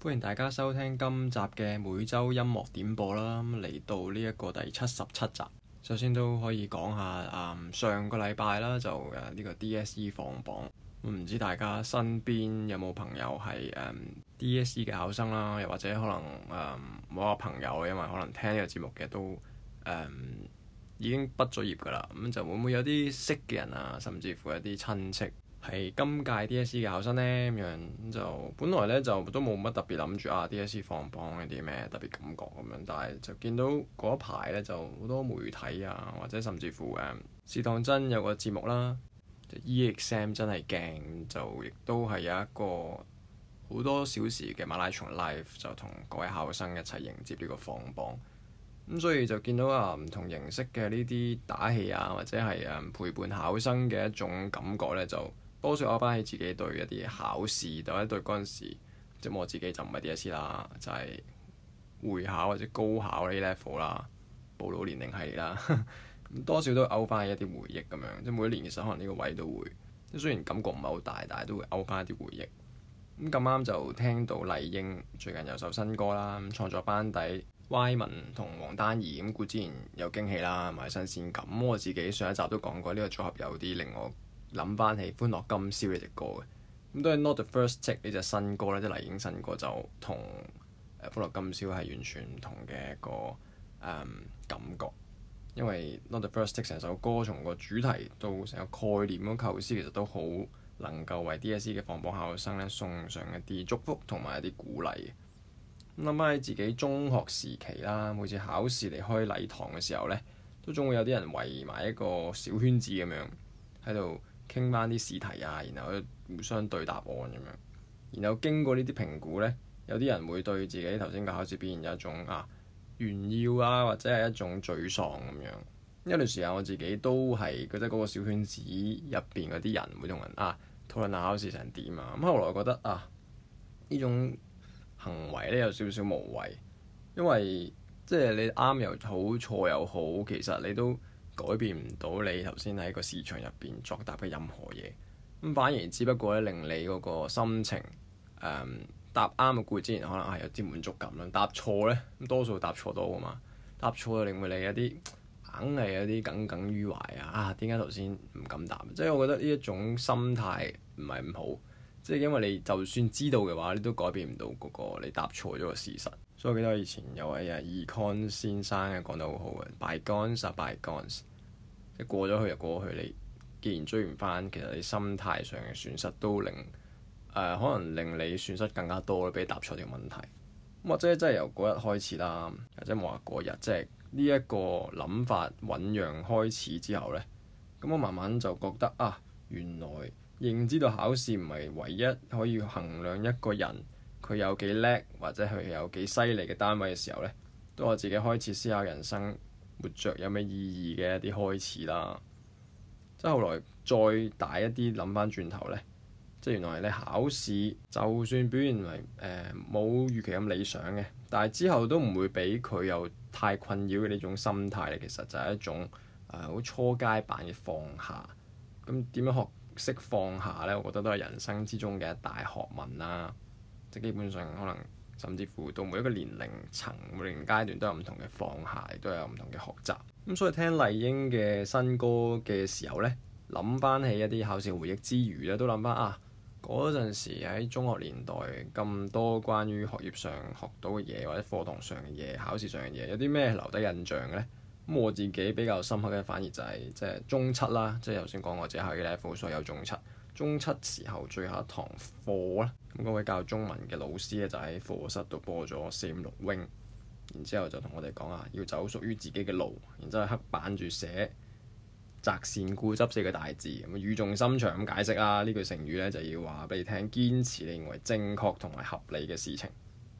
歡迎大家收聽今集嘅每周音樂點播啦，嚟到呢一個第七十七集。首先都可以講下誒、呃、上個禮拜啦，就誒呢、呃這個 DSE 放榜。唔、嗯、知大家身邊有冇朋友係誒、呃、DSE 嘅考生啦，又或者可能誒冇個朋友，因為可能聽呢個節目嘅都誒、呃、已經畢咗業噶啦，咁、嗯、就會唔會有啲識嘅人啊，甚至乎有啲親戚？係今屆 DSE 嘅考生呢，咁樣就本來呢，就都冇乜特別諗住啊 DSE 放榜有啲咩特別感覺咁樣，但係就見到嗰一排呢，就好多媒體啊，或者甚至乎誒，試當、嗯、真有個節目啦 Exam 真係勁，就亦都係有一個好多小時嘅馬拉松 live 就同各位考生一齊迎接呢個放榜。咁、嗯、所以就見到啊唔同形式嘅呢啲打氣啊，或者係誒、嗯、陪伴考生嘅一種感覺呢，就～多少我翻起自己對一啲考試，或者對嗰陣時，即我自己就唔係 DSE 啦，就係、是、會考或者高考呢啲 level 啦，暴露年齡係啦，多少都勾翻一啲回憶咁樣。即每一年其實可能呢個位都會，即雖然感覺唔係好大，但係都會勾翻一啲回憶。咁咁啱就聽到麗英最近有首新歌啦，咁創作班底 Y 文同黃丹怡咁，固之然有驚喜啦，埋新鮮感。我自己上一集都講過呢個組合有啲令我。諗翻起《歡樂今宵》嘅歌嘅，咁都係《Not The First Take》呢隻新歌咧，即係麗英新歌就同《誒歡樂今宵》係完全唔同嘅一個、嗯、感覺，因為《Not The First Take》成首歌從個主題到成個概念嗰構思，其實都好能夠為 DSE 嘅放榜考生咧送上一啲祝福同埋一啲鼓勵嘅。諗翻喺自己中學時期啦，每次考試離開禮堂嘅時候咧，都總會有啲人圍埋一個小圈子咁樣喺度。傾翻啲試題啊，然後互相對答案咁樣，然後經過呢啲評估呢，有啲人會對自己頭先嘅考試表現有一種啊炫耀啊，或者係一種沮喪咁樣。一段時間我自己都係，覺得嗰個小圈子入邊嗰啲人會同人啊討論下考試成點啊。咁、啊、後來我覺得啊，呢種行為呢有少少無謂，因為即係你啱又好，錯又好，其實你都，改變唔到你頭先喺個市場入邊作答嘅任何嘢，咁反而只不過咧令你嗰個心情誒、嗯、答啱嘅句之前可能係有啲滿足感啦。答錯咧咁多數答錯多啊嘛，答錯就令到你有啲硬係有啲耿耿於懷啊！嚇點解頭先唔敢答？即係我覺得呢一種心態唔係咁好，即係因為你就算知道嘅話，你都改變唔到嗰個你答錯咗個事實。所以我記得我以前有位啊 Econ 先生嘅講得好好嘅，by guns or by guns。一過咗去就過咗去，你既然追唔翻，其實你心態上嘅損失都令、呃、可能令你損失更加多咯，俾你答錯條問題。或者真係由嗰日開始啦，或者冇話嗰日，即係呢一個諗法醖釀開始之後呢。咁我慢慢就覺得啊，原來認知到考試唔係唯一可以衡量一個人佢有幾叻或者佢有幾犀利嘅單位嘅時候呢，都我自己開始思考人生。活着有咩意義嘅一啲開始啦，即係後來再大一啲，諗翻轉頭呢，即係原來你考試就算表現為呃、冇預期咁理想嘅，但係之後都唔會俾佢有太困擾嘅呢種心態。其實就係一種呃、好初階版嘅放下。咁點樣學識放下呢？我覺得都係人生之中嘅一大學問啦。即基本上可能。甚至乎到每一個年齡層、每一年齡階段都有唔同嘅放下，都有唔同嘅學習。咁、嗯、所以聽麗英嘅新歌嘅時候呢，諗翻起一啲考試回憶之餘咧，都諗翻啊嗰陣時喺中學年代咁多關於學業上學到嘅嘢，或者課堂上嘅嘢、考試上嘅嘢，有啲咩留低印象嘅呢？咁、嗯、我自己比較深刻嘅反而就係、是、即係中七啦，即係頭先講我自己喺呢副數有中七。中七時候最後一堂課啦。咁嗰位教中文嘅老師咧就喺課室度播咗四五六 wing，然之後就同我哋講啊，要走屬於自己嘅路，然之後黑板住寫擇善固執四個大字，咁語重心長咁解釋啦。呢句成語咧就要話俾你聽，堅持你認為正確同埋合理嘅事情。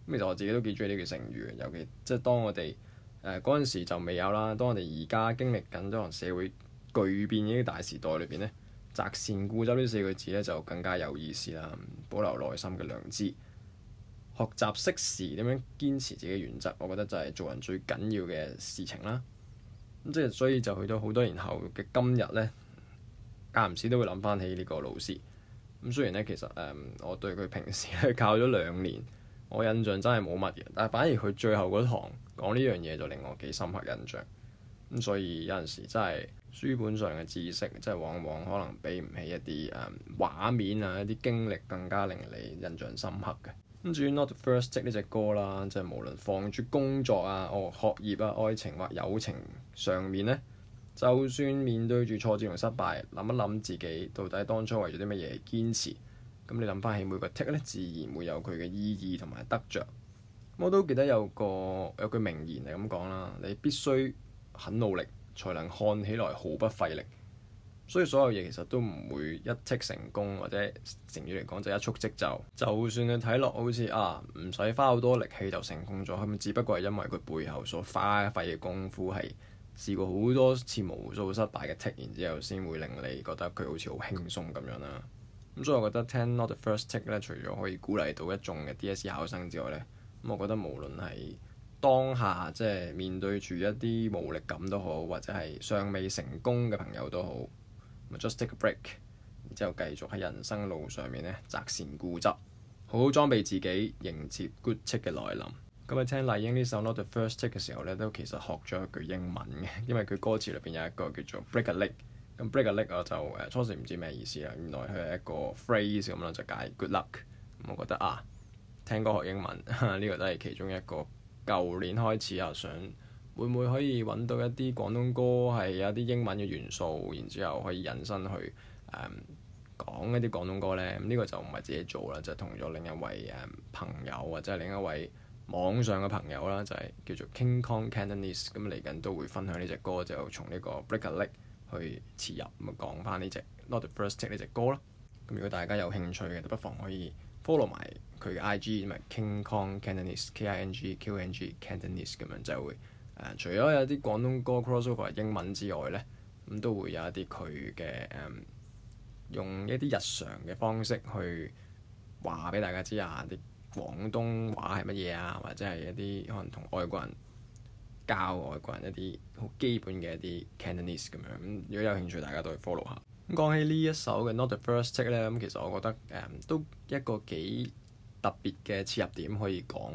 咁其實我自己都幾中意呢句成語，尤其即係、就是、當我哋誒嗰時就未有啦，當我哋而家經歷緊呢行社會巨變呢啲大時代裏邊咧。擇善固執呢四個字咧就更加有意思啦！保留內心嘅良知，學習適時點樣堅持自己原則，我覺得就係做人最緊要嘅事情啦。咁即係所以就去到好多年後嘅今日呢，間唔時都會諗翻起呢個老師。咁雖然呢，其實誒、嗯，我對佢平時係教咗兩年，我印象真係冇乜嘢，但係反而佢最後嗰堂講呢樣嘢就令我幾深刻印象。咁所以有陣時真係～書本上嘅知識，即係往往可能比唔起一啲誒、嗯、畫面啊、一啲經歷更加令你印象深刻嘅。咁至於《Not the First Take》呢隻歌啦，即係無論放住工作啊、哦學業啊、愛情或、啊啊、友情上面呢，就算面對住挫折同失敗，諗一諗自己到底當初為咗啲乜嘢堅持，咁你諗翻起每個 tick 咧，自然會有佢嘅意義同埋得着。我都記得有個有句名言係咁講啦：你必須很努力。才能看起來毫不費力，所以所有嘢其實都唔會一 take 成功，或者成語嚟講就一觸即就。就算你睇落好似啊，唔使花好多力氣就成功咗，係咪？只不過係因為佢背後所花費嘅功夫係試過好多次無數失敗嘅 take，然之後先會令你覺得佢好似好輕鬆咁樣啦。咁、嗯、所以我覺得聽 Not the First Take 咧，除咗可以鼓勵到一眾嘅 DSE 考生之外咧，咁、嗯、我覺得無論係當下即係面對住一啲無力感都好，或者係尚未成功嘅朋友都好，咁就 just take a break，然之後繼續喺人生路上面咧，擇善固執，好好裝備自己，迎接 good take 嘅來臨。咁日、嗯嗯、聽麗英呢首《Not the First Take》嘅時候咧，都其實學咗一句英文嘅，因為佢歌詞裏邊有一個叫做 break a leg。咁 break a leg 我就誒、呃、初時唔知咩意思啦，原來佢係一個 phrase 咁樣就解 good luck。咁我覺得啊，聽歌學英文呢個都係其中一個。舊年開始啊，想會唔會可以揾到一啲廣東歌係有啲英文嘅元素，然之後可以引申去誒、嗯、講一啲廣東歌呢？咁、嗯、呢、這個就唔係自己做啦，就同、是、咗另一位、嗯、朋友或者係另一位網上嘅朋友啦，就係、是、叫做 King Kong Candice 咁嚟緊都會分享呢隻歌，就從呢個 Break a Leg 去切入，咁、嗯、講翻呢隻 Not the First Take 呢隻歌啦。咁、嗯、如果大家有興趣嘅，就不妨可以 follow 埋。佢嘅 I.G. 唔係 King Kong Cantonese K.I.N.G. Q.N.G. Cantonese，咁樣就會誒、呃，除咗有啲廣東歌 cross over 英文之外咧，咁、嗯、都會有一啲佢嘅誒，用一啲日常嘅方式去話俾大家知啊，啲廣東話係乜嘢啊，或者係一啲可能同外國人教外國人一啲好基本嘅一啲 Cantonese，咁樣咁、嗯。如果有興趣，大家都去 follow 下。咁講起呢一首嘅 Not the First Take 咧、嗯，咁其實我覺得誒、嗯、都一個幾特別嘅切入點可以講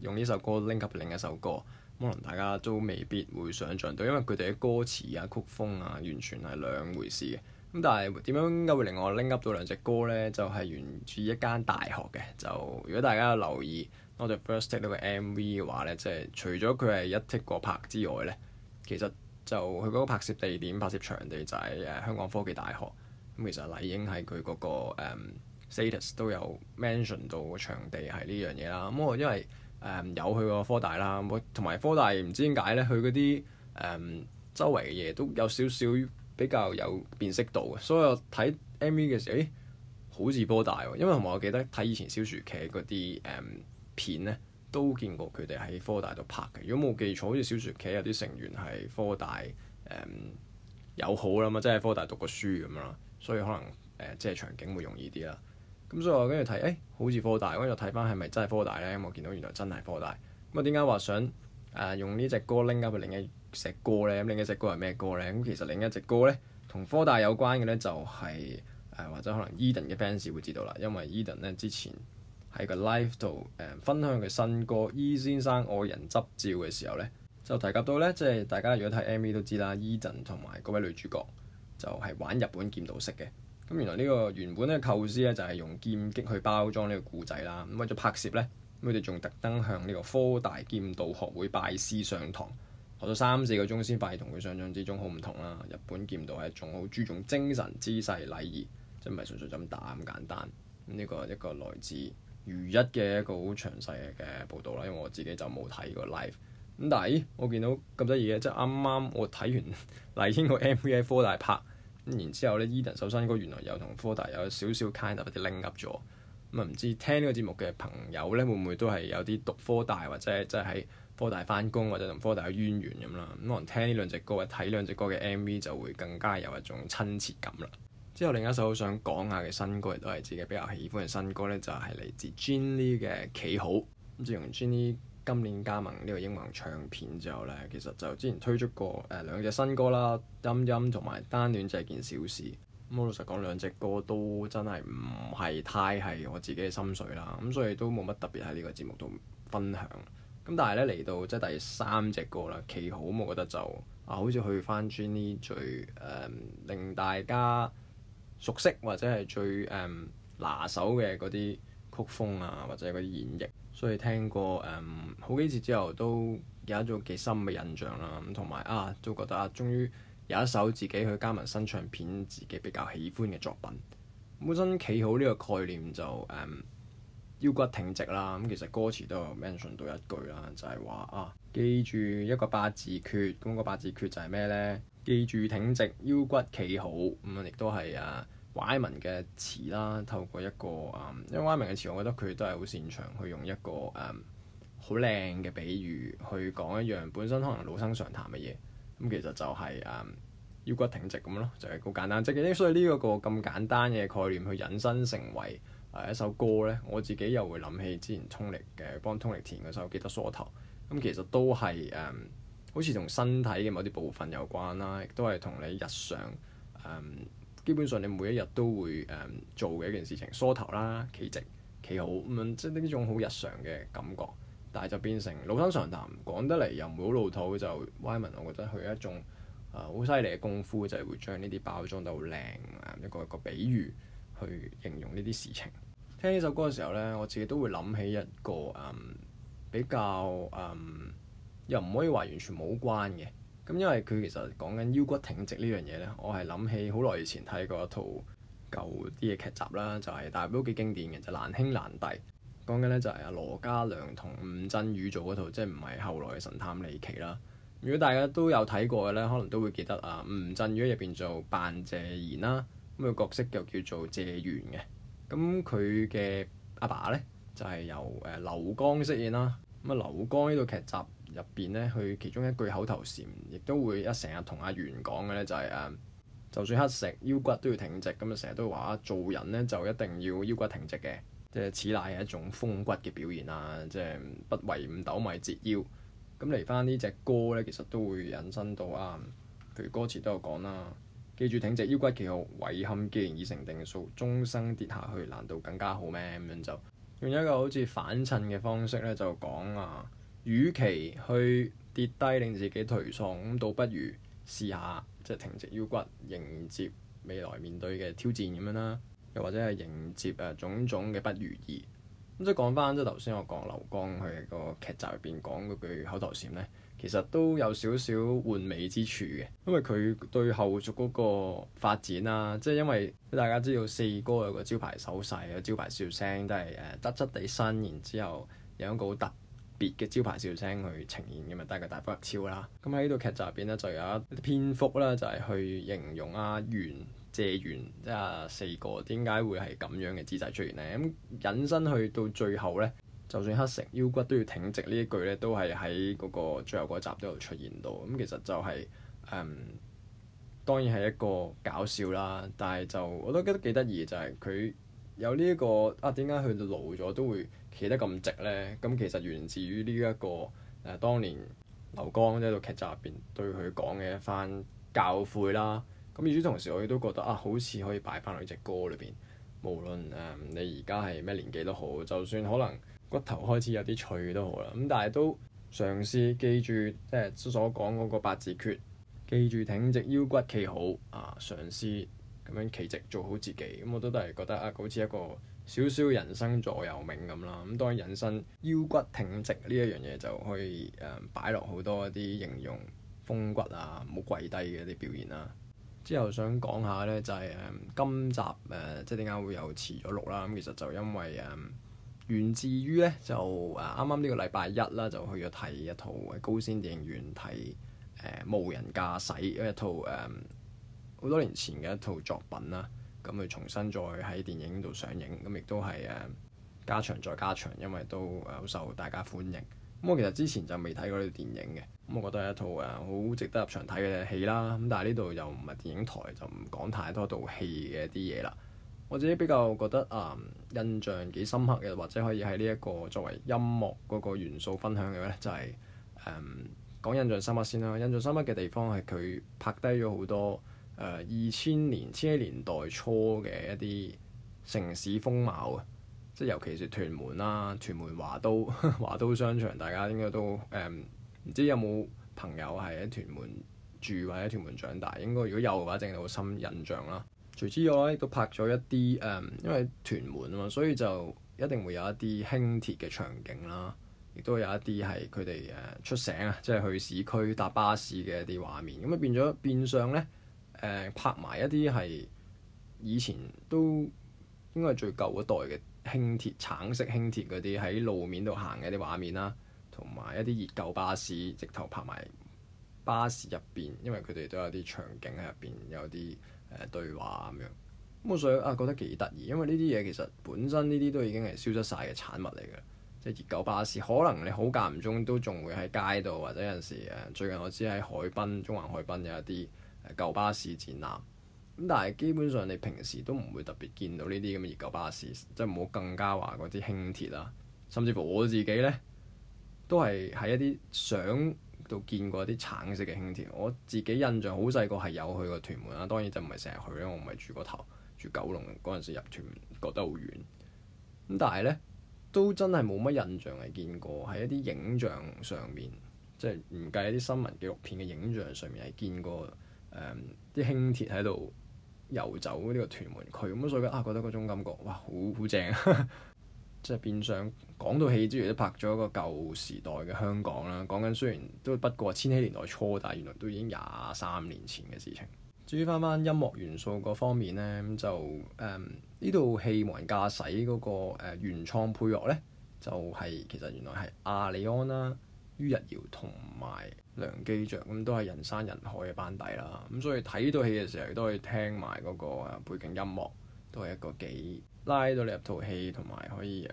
用呢首歌 link up 另一首歌，可能大家都未必會想像到，因為佢哋嘅歌詞啊、曲風啊，完全係兩回事嘅。咁但係點樣應該會令我 link up 到兩隻歌呢？就係、是、源自一間大學嘅。就如果大家有留意我哋 First Take 嗰個 MV 嘅話呢，即、就、係、是、除咗佢係一 take 過拍之外呢，其實就佢嗰個拍攝地點、拍攝場地就係誒香港科技大學。咁其實麗英係佢嗰個、um, Status 都有 mention 到個場地係呢樣嘢啦。咁、嗯、我因為誒、嗯、有去過科大啦，同埋科大唔知點解咧，佢嗰啲誒周圍嘅嘢都有少少比較有辨識度嘅。所以我睇 MV 嘅時候，好似科大喎。因為同埋我記得睇以前小薯茄嗰啲誒片咧，都見過佢哋喺科大度拍嘅。如果冇記錯，好似小薯茄有啲成員係科大誒友、嗯、好啦嘛，即係科大讀過書咁樣啦，所以可能誒、呃、即係場景會容易啲啦。咁、嗯、所以我跟住睇，誒、欸、好似科大，跟住睇翻係咪真係科大咧？咁、嗯、我見到原來真係科大。咁啊點解話想誒、呃、用呢隻歌拎啊？佢、嗯、另一隻歌咧，咁另一隻歌係咩歌咧？咁其實另一隻歌咧，同科大有關嘅咧、就是，就係誒或者可能 Edan 嘅 fans 會知道啦，因為 Edan 咧之前喺個 live 度誒、呃、分享佢新歌《E、e、先生愛人執照》嘅時候咧，就提及到咧，即係大家如果睇 MV 都知啦 ，Edan 同埋嗰位女主角就係玩日本劍道式嘅。咁原來呢個原本嘅構思咧就係用劍擊去包裝呢個故仔啦。咁為咗拍攝咧，佢哋仲特登向呢個科大劍道學會拜師上堂，學咗三四個鐘先發現，同佢想像之中好唔同啦。日本劍道係仲好注重精神、姿勢、禮儀，即係唔係純粹就咁打咁簡單。呢、這個一個來自如一嘅一個好詳細嘅報道啦。因為我自己就冇睇過 live。咁但係我見到咁得意嘅，即係啱啱我睇完麗英個 MV 喺科大拍。咁然之後呢，Eden 首新歌原來又同科大有少少 kind of link up 咗，咁啊唔知聽呢個節目嘅朋友呢，會唔會都係有啲讀科大或者即係喺科大翻工或者同科大有淵源咁啦？咁可能聽呢兩隻歌或睇兩隻歌嘅 M V 就會更加有一種親切感啦。之後另一首好想講下嘅新歌，亦都係自己比較喜歡嘅新歌呢就係、是、嚟自 Gin Lee 嘅《企好》，咁自從 Gin Lee。今年加盟呢個英皇唱片之後呢，其實就之前推出過誒、呃、兩隻新歌啦，《音音》同埋《單戀》就係件小事。咁我老實講兩隻歌都真係唔係太係我自己嘅心水啦，咁所以都冇乜特別喺呢個節目度分享。咁但係呢，嚟到即係第三隻歌啦，《企好》，我覺得就啊，好似去翻穿呢最、嗯、令大家熟悉或者係最、嗯、拿手嘅嗰啲，曲風啊，或者嗰啲演繹，所以聽過誒、嗯、好幾次之後，都有一種幾深嘅印象啦。咁同埋啊，都覺得啊，終於有一首自己去加盟新唱片，自己比較喜歡嘅作品。本身企好呢個概念就誒、嗯、腰骨挺直啦。咁、嗯、其實歌詞都有 mention 到一句啦，就係、是、話啊，記住一個八字訣。咁、那個八字訣就係咩呢？記住挺直腰骨，企好。咁、嗯、亦都係啊。Wyman 嘅詞啦，透過一個誒、嗯，因為 Wyman 嘅詞，我覺得佢都係好擅長去用一個誒好靚嘅比喻去講一樣本身可能老生常談嘅嘢。咁、嗯、其實就係、是、誒、嗯、腰骨挺直咁咯，就係、是、好簡單。即嘅。所以呢一個咁簡單嘅概念，去引申成為誒、呃、一首歌呢，我自己又會諗起之前通力嘅幫通力填嘅首《記得梳頭》嗯。咁其實都係誒、嗯，好似同身體嘅某啲部分有關啦，亦都係同你日常、嗯基本上你每一日都會誒、嗯、做嘅一件事情，梳頭啦、企直、企好咁，即係呢種好日常嘅感覺。但係就變成老生常談，講得嚟又唔會好老土。就 Wyman，我覺得佢一種好犀利嘅功夫，就係會將呢啲包裝得好靚啊一個一個比喻去形容呢啲事情。聽呢首歌嘅時候呢，我自己都會諗起一個嗯比較嗯又唔可以話完全冇關嘅。因為佢其實講緊腰骨挺直呢樣嘢呢，我係諗起好耐以前睇過一套舊啲嘅劇集啦，就係但係都幾經典嘅，就係《難兄難弟》，講緊呢，就係阿羅嘉良同吳鎮宇做嗰套，即係唔係後來嘅《神探李奇》啦。如果大家都有睇過嘅呢，可能都會記得啊。吳鎮宇喺入邊做扮謝賢啦，咁個角色又叫做謝元嘅。咁佢嘅阿爸呢，就係、是、由誒劉江飾演啦。咁啊劉江呢套劇集。入邊呢，佢其中一句口頭禪，亦都會一成日同阿元講嘅呢，就係、是、誒，就算乞食，腰骨都要挺直，咁啊成日都話做人呢，就一定要腰骨挺直嘅，即係此乃係一種風骨嘅表現啊，即係不為五斗米折腰。咁嚟翻呢隻歌呢，其實都會引申到啊，譬如歌詞都有講啦，記住挺直腰骨企好，遺憾既然已成定數，終生跌下去難道更加好咩？咁樣就用一個好似反襯嘅方式呢，就講啊。與其去跌低令自己頹喪，咁倒不如試下即係挺直腰骨迎接未來面對嘅挑戰咁樣啦，又或者係迎接誒種種嘅不如意。咁即係講翻即係頭先我講劉江佢個劇集入邊講嗰句口頭禪咧，其實都有少少玩味之處嘅，因為佢對後續嗰個發展啦，即係因為大家知道四哥有個招牌手勢、有招牌笑聲都係誒側側地伸，然之後有一個好突。別嘅招牌笑聲去呈現嘅嘛，帶個大波超啦。咁喺呢度劇集入邊咧，就有一篇幅啦，就係、是、去形容啊袁謝袁啊四個點解會係咁樣嘅姿勢出現呢。咁引申去到最後呢，就算乞食腰骨都要挺直呢一句呢，都係喺嗰個最後嗰集都有出現到。咁其實就係、是、誒、嗯，當然係一個搞笑啦，但係就我都覺得幾得意，就係、是、佢。有呢、這、一個啊，點解佢老咗都會企得咁直呢？咁其實源自於呢、這、一個誒、啊，當年劉江喺度劇集入邊對佢講嘅一番教訓啦。咁與此同時，我亦都覺得啊，好似可以擺翻落呢隻歌裏邊。無論誒、啊、你而家係咩年紀都好，就算可能骨頭開始有啲脆都好啦。咁、嗯、但係都嘗試記住，即係所講嗰個八字訣，記住挺直腰骨，企好啊，嘗試。咁樣企直做好自己，咁、嗯、我都都係覺得啊，好似一個少少人生座右銘咁啦。咁、嗯、當然人生腰骨挺直呢一樣嘢就可以誒擺落好多啲形容風骨啊，冇跪低嘅一啲表現啦。之後想講下呢，就係、是嗯、今集誒即係點解會有遲咗錄啦？咁其實就因為誒、嗯、源自於呢，就誒啱啱呢個禮拜一啦，就去咗睇一套高先電影院睇誒、嗯、無人駕駛，一套誒。嗯好多年前嘅一套作品啦，咁佢重新再喺電影度上映，咁亦都係誒、嗯、加長再加長，因為都誒好受大家歡迎。咁我其實之前就未睇過呢套電影嘅，咁我覺得係一套誒好、嗯、值得入場睇嘅戲啦。咁但係呢度又唔係電影台，就唔講太多套戲嘅啲嘢啦。我自己比較覺得啊、嗯、印象幾深刻嘅，或者可以喺呢一個作為音樂嗰個元素分享嘅咧、就是，就係誒講印象深刻先啦。印象深刻嘅地方係佢拍低咗好多。誒二千年、千禧年代初嘅一啲城市風貌啊，即係尤其是屯門啦，屯門華都、華都商場，大家應該都誒唔、嗯、知有冇朋友係喺屯門住或者屯門長大，應該如果有嘅話，梗係好深印象啦。除此之外，亦都拍咗一啲誒、嗯，因為屯門啊嘛，所以就一定會有一啲輕鐵嘅場景啦，亦都有一啲係佢哋誒出城啊，即係去市區搭巴士嘅一啲畫面咁啊，變咗變相咧。拍埋一啲係以前都應該係最舊嗰代嘅輕鐵，橙色輕鐵嗰啲喺路面度行嘅啲畫面啦，同埋一啲熱狗巴士，直頭拍埋巴士入邊，因為佢哋都有啲場景喺入邊，有啲誒對話咁樣。咁我所以啊覺得幾得意，因為呢啲嘢其實本身呢啲都已經係消失晒嘅產物嚟嘅。即係熱狗巴士，可能你好間唔中都仲會喺街度，或者有陣時誒最近我知喺海濱中環海濱有一啲。舊巴士展覽咁，但係基本上你平時都唔會特別見到呢啲咁嘅熱舊巴士，即唔好更加話嗰啲輕鐵啦。甚至乎我自己呢，都係喺一啲相度見過一啲橙色嘅輕鐵。我自己印象好細個係有去過屯門啊，當然就唔係成日去啦。我唔係住個頭，住九龍嗰陣時入屯門覺得好遠咁，但係呢，都真係冇乜印象係見過喺一啲影像上面，即係唔計一啲新聞紀錄片嘅影像上面係見過。誒啲、嗯、輕鐵喺度遊走呢個屯門區咁，所以啊覺得嗰種感覺哇，好好正、啊、 即係變相講到戲之餘都拍咗一個舊時代嘅香港啦，講緊雖然都不過千禧年代初，但係原來都已經廿三年前嘅事情。至於返返音樂元素嗰方面呢，咁就誒呢套戲無人駕駛嗰、那個、呃、原創配樂呢，就係、是、其實原來係亞里安啦、于逸堯同埋。梁機著咁都係人山人海嘅班底啦，咁所以睇呢套戲嘅時候，都可以聽埋嗰、那個背景音樂，都係一個幾拉到你入套戲，同埋可以誒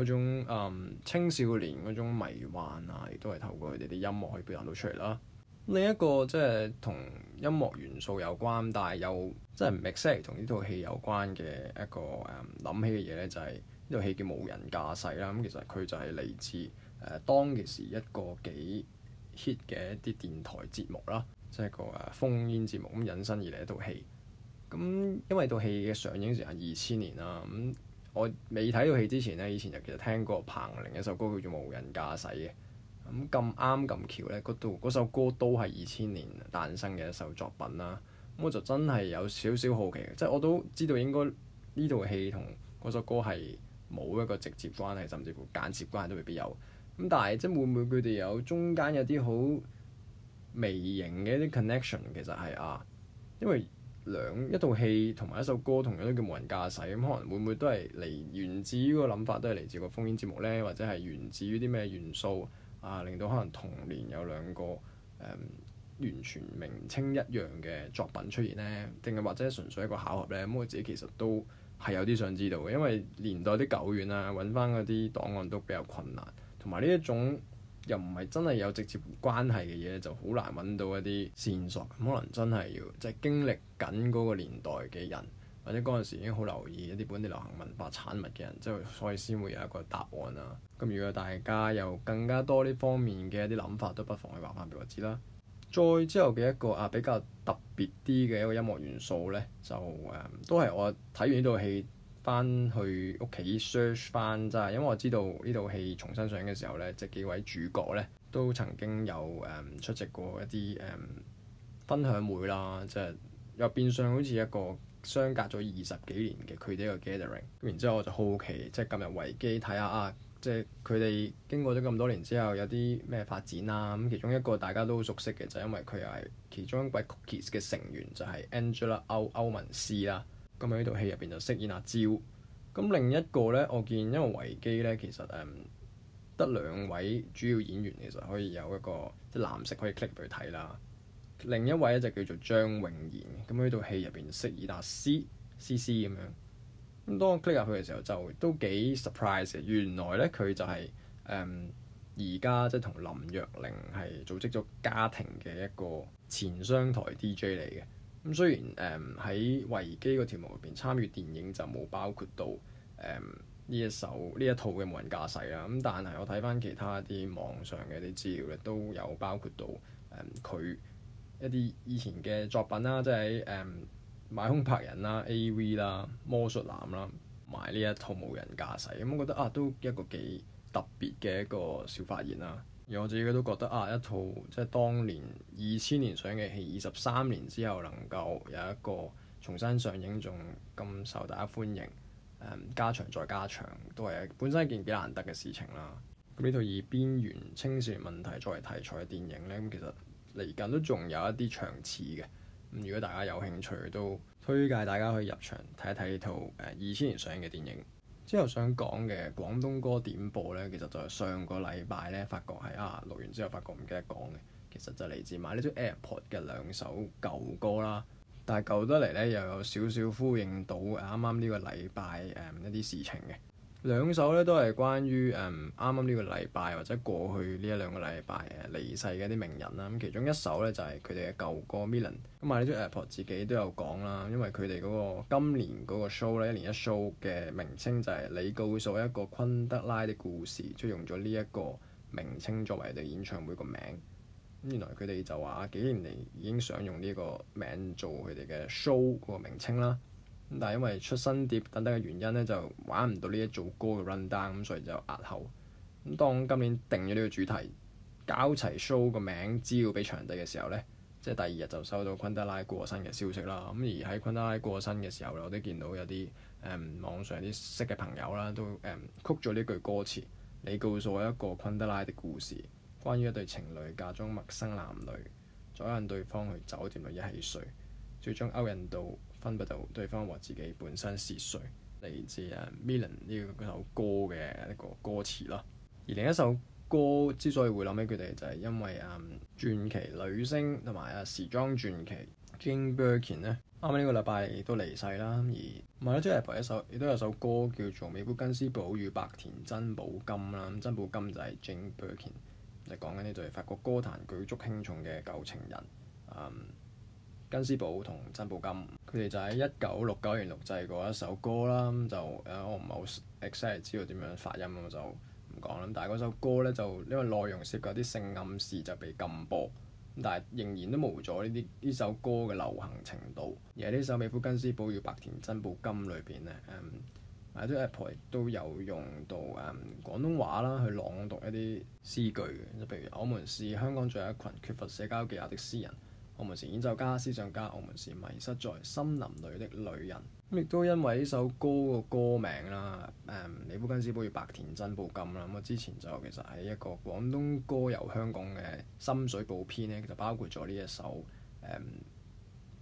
嗰、嗯、種嗯青少年嗰種迷幻啊，亦都係透過佢哋啲音樂去表達到出嚟啦。 另一個即係同音樂元素有關，但係又即係唔 i x 同呢套戲有關嘅一個誒諗、嗯、起嘅嘢呢，就係呢套戲叫《無人駕駛》啦。咁、嗯、其實佢就係嚟自誒、呃、當其時一個幾。hit 嘅一啲電台節目啦，即係個誒封煙節目咁引申而嚟一套戲。咁因為套戲嘅上映時間二千年啦，咁我未睇到戲之前呢，以前就其實聽過彭羚一首歌叫做《無人駕駛》嘅。咁咁啱咁巧呢，嗰度嗰首歌都係二千年誕生嘅一首作品啦。咁我就真係有少少好奇，即係我都知道應該呢套戲同嗰首歌係冇一個直接關係，甚至乎間接關係都未必有。咁但係，即係會唔會佢哋有中間有啲好微型嘅一啲 connection？其實係啊，因為兩一套戲同埋一首歌同樣都叫無人駕駛咁、嗯，可能會唔會都係嚟源自於個諗法，都係嚟自個封面節目咧，或者係源自於啲咩元素啊？令到可能同年有兩個誒、嗯、完全名稱一樣嘅作品出現咧，定係或者純粹一個巧合咧？咁、嗯、我自己其實都係有啲想知道嘅，因為年代啲久遠啊，揾翻嗰啲檔案都比較困難。同埋呢一種又唔係真係有直接關係嘅嘢，就好難揾到一啲線索。可能真係要即係、就是、經歷緊嗰個年代嘅人，或者嗰陣時已經好留意一啲本地流行文化產物嘅人，即係所以先會有一個答案啊！咁如果大家有更加多呢方面嘅一啲諗法，都不妨去話翻俾我知啦。再之後嘅一個啊比較特別啲嘅一個音樂元素呢，就誒、嗯、都係我睇完呢套戲，翻去屋企 search 翻，即係因為我知道呢套戲重新上映嘅時候呢，即係幾位主角呢，都曾經有誒、嗯、出席過一啲誒、嗯、分享會啦，即、就、係、是、又變相好似一個相隔咗二十幾年嘅佢哋一個 gathering。咁然之後我就好奇，即係撳入維基睇下啊，即係佢哋經過咗咁多年之後有啲咩發展啦、啊。咁其中一個大家都熟悉嘅就係、是、因為佢係其中一位 Cookies 嘅成員，就係、是、Angela 歐歐文斯啦。咁喺呢套戲入邊就飾演阿蕉，咁另一個呢，我見因為維基呢，其實得、嗯、兩位主要演員其實可以有一個即、即係、藍色可以 click 入去睇啦。另一位呢就叫做張穎妍，咁喺呢套戲入邊飾演阿詩詩詩咁樣。咁當我 click 入去嘅時候就都幾 surprise 嘅，原來呢，佢就係誒而家即同林若寧係組織咗家庭嘅一個前商台 DJ 嚟嘅。咁雖然誒喺、嗯、維基個條目入邊參與電影就冇包括到誒呢、嗯、一首呢一套嘅無人駕駛啦，咁但係我睇翻其他啲網上嘅啲資料咧都有包括到誒佢、嗯、一啲以前嘅作品啦，即係誒買兇拍人啦、AV 啦、魔術男啦，埋呢一套無人駕駛，咁、嗯、我覺得啊都一個幾特別嘅一個小發現啦。而我自己都覺得啊，一套即係當年二千年上映嘅戲，二十三年之後能夠有一個重新上映，仲咁受大家歡迎、嗯，加長再加長，都係本身一件幾難得嘅事情啦。咁呢套以邊緣青少年問題作為題材嘅電影呢，嗯、其實嚟緊都仲有一啲場次嘅。咁、嗯、如果大家有興趣，都推介大家去入場睇一睇呢套二千、嗯、年上映嘅電影。之後想講嘅廣東歌點播咧，其實就係上個禮拜咧，發覺係啊，錄完之後發覺唔記得講嘅，其實就嚟自買呢張 Airport 嘅兩首舊歌啦，但係舊得嚟咧又有少少呼應到啱啱呢個禮拜誒一啲事情嘅。兩首咧都係關於誒啱啱呢個禮拜或者過去呢一兩個禮拜誒離世嘅啲名人啦，咁其中一首咧就係佢哋嘅舊歌 Millen，咁啊呢張 Apple 自己都有講啦，因為佢哋嗰個今年嗰個 show 咧一年一 show 嘅名稱就係你告訴一個昆德拉的故事，即係用咗呢一個名稱作為佢哋演唱會個名。咁原來佢哋就話幾年嚟已經想用呢個名做佢哋嘅 show 個名稱啦。但係因為出新碟等等嘅原因呢，就玩唔到呢一組歌嘅 run down，咁所以就押後。咁當今年定咗呢個主題，搞齊 show 個名資料俾場地嘅時候呢，即係第二日就收到昆德拉過身嘅消息啦。咁而喺昆德拉過身嘅時候，我都見到有啲誒網上啲識嘅朋友啦，都誒、嗯、曲咗呢句歌詞。你告訴我一個昆德拉的故事，關於一對情侶假裝陌生男女，左引對方去酒店度一起睡，最終勾引到。分不到對方或自己本身是誰，嚟自啊 Milan 呢首歌嘅一個歌詞啦。而另一首歌之所以會諗起佢哋，就係因為啊、嗯，傳奇女星同埋啊時裝傳奇 Jane Birkin 呢。啱啱呢個禮拜都離世啦。而 Marie a n t o e 一首亦都有首歌叫做《美孚根斯堡與白田珍寶金》啦。咁、嗯、珍寶金就係 Jane Birkin，就講緊呢就對法國歌壇舉足輕重嘅舊情人啊、嗯，根斯堡同珍寶金。佢哋就喺一九六九年錄製過一首歌啦，咁就誒我唔係好 excited 知道點樣發音，我就唔講啦。但係嗰首歌咧就因為內容涉及啲性暗示，就被禁播。但係仍然都冇咗呢啲呢首歌嘅流行程度。而喺呢首《美孚金斯布葉》與《白田珍布金》裏邊咧，嗯，啊啲 Apple 亦都有用到誒、嗯、廣東話啦去朗讀一啲詩句嘅，譬如我們是香港仲有一群缺乏社交技巧的詩人。我們是演奏家、思想家，我們是迷失在森林裡的女人。亦都因為呢首歌個歌名啦，誒、嗯，尼夫根斯堡白田珍寶金啦。咁、嗯、啊，之前就其實喺一個廣東歌遊香港嘅深水埗篇咧，就包括咗呢一首誒、嗯、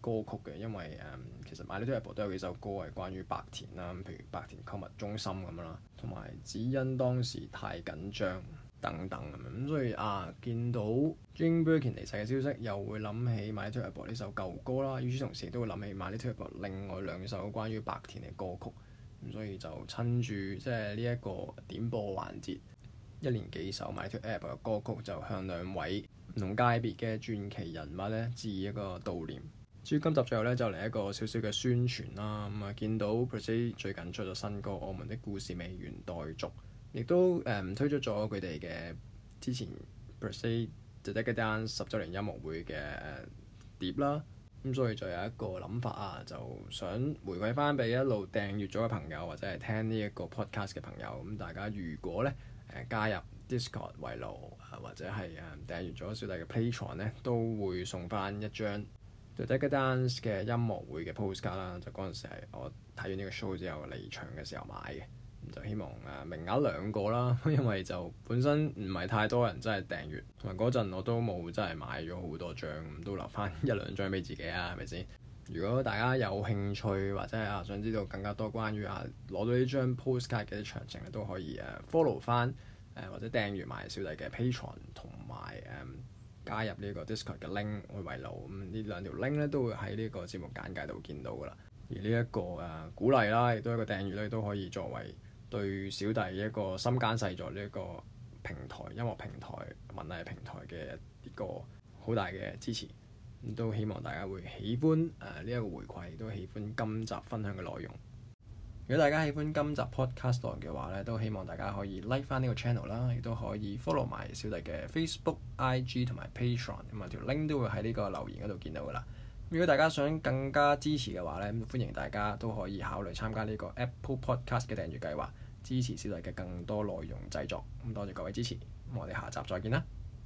歌曲嘅。因為誒、嗯，其實《My Little Airport》都有幾首歌係關於白田啦、嗯，譬如白田購物中心咁啦，同埋只因當時太緊張。等等咁、嗯，所以啊，見到 Jane Birkin 離世嘅消息，又會諗起《My Little Airport 呢首舊歌啦。與此同時，都會諗起《My Little Airport 另外兩首關於白田嘅歌曲。咁、嗯、所以就趁住即係呢一個點播環節，一連幾首《My Little Airport 嘅歌曲，就向兩位唔同界別嘅傳奇人物咧致一個悼念。至於今集最後咧，就嚟一個少少嘅宣傳啦。咁、嗯、啊，見到 per se 最近出咗新歌《我們的故事未完待續》。亦都誒推出咗佢哋嘅之前 per se the deca dance 十周年音樂會嘅碟啦，咁、嗯、所以就有一個諗法啊，就想回饋翻俾一路訂閲咗嘅朋友，或者係聽呢一個 Podcast 嘅朋友，咁大家如果咧誒加入 Discord 圍爐，或者係誒訂閲咗小弟嘅 Patreon 咧，都會送翻一張 the deca dance 嘅音樂會嘅 postcard 啦，就嗰陣時係我睇完呢個 show 之後離場嘅時候買嘅。就希望誒名額兩個啦，因為就本身唔係太多人真係訂閱，同埋嗰陣我都冇真係買咗好多張，咁都留翻一兩張俾自己啊，係咪先？如果大家有興趣或者啊想知道更加多關於啊攞到呢張 postcard 嘅啲詳情咧，都可以誒、啊、follow 翻誒、啊、或者訂閲埋小弟嘅 patron 同埋誒、啊、加入呢個 Discord 嘅 link 去圍爐，咁、嗯、呢兩條 link 咧都會喺呢個節目簡介度見到㗎啦。而呢、這、一個誒、啊、鼓勵啦，亦都係一個訂閲咧，都可以作為。對小弟一個心間製作呢一個平台，音樂平台、文藝平台嘅一個好大嘅支持，都希望大家會喜歡誒呢一個回饋，都喜歡今集分享嘅內容。如果大家喜歡今集 podcast 嘅話咧，都希望大家可以 like 翻呢個 channel 啦，亦都可以 follow 埋小弟嘅 Facebook、IG 同埋 Patreon，咁啊條 link 都會喺呢個留言嗰度見到㗎喇。如果大家想更加支持嘅話咧，歡迎大家都可以考慮參加呢個 Apple Podcast 嘅訂閱計劃，支持小黎嘅更多內容製作。咁多謝各位支持，我哋下集再見啦。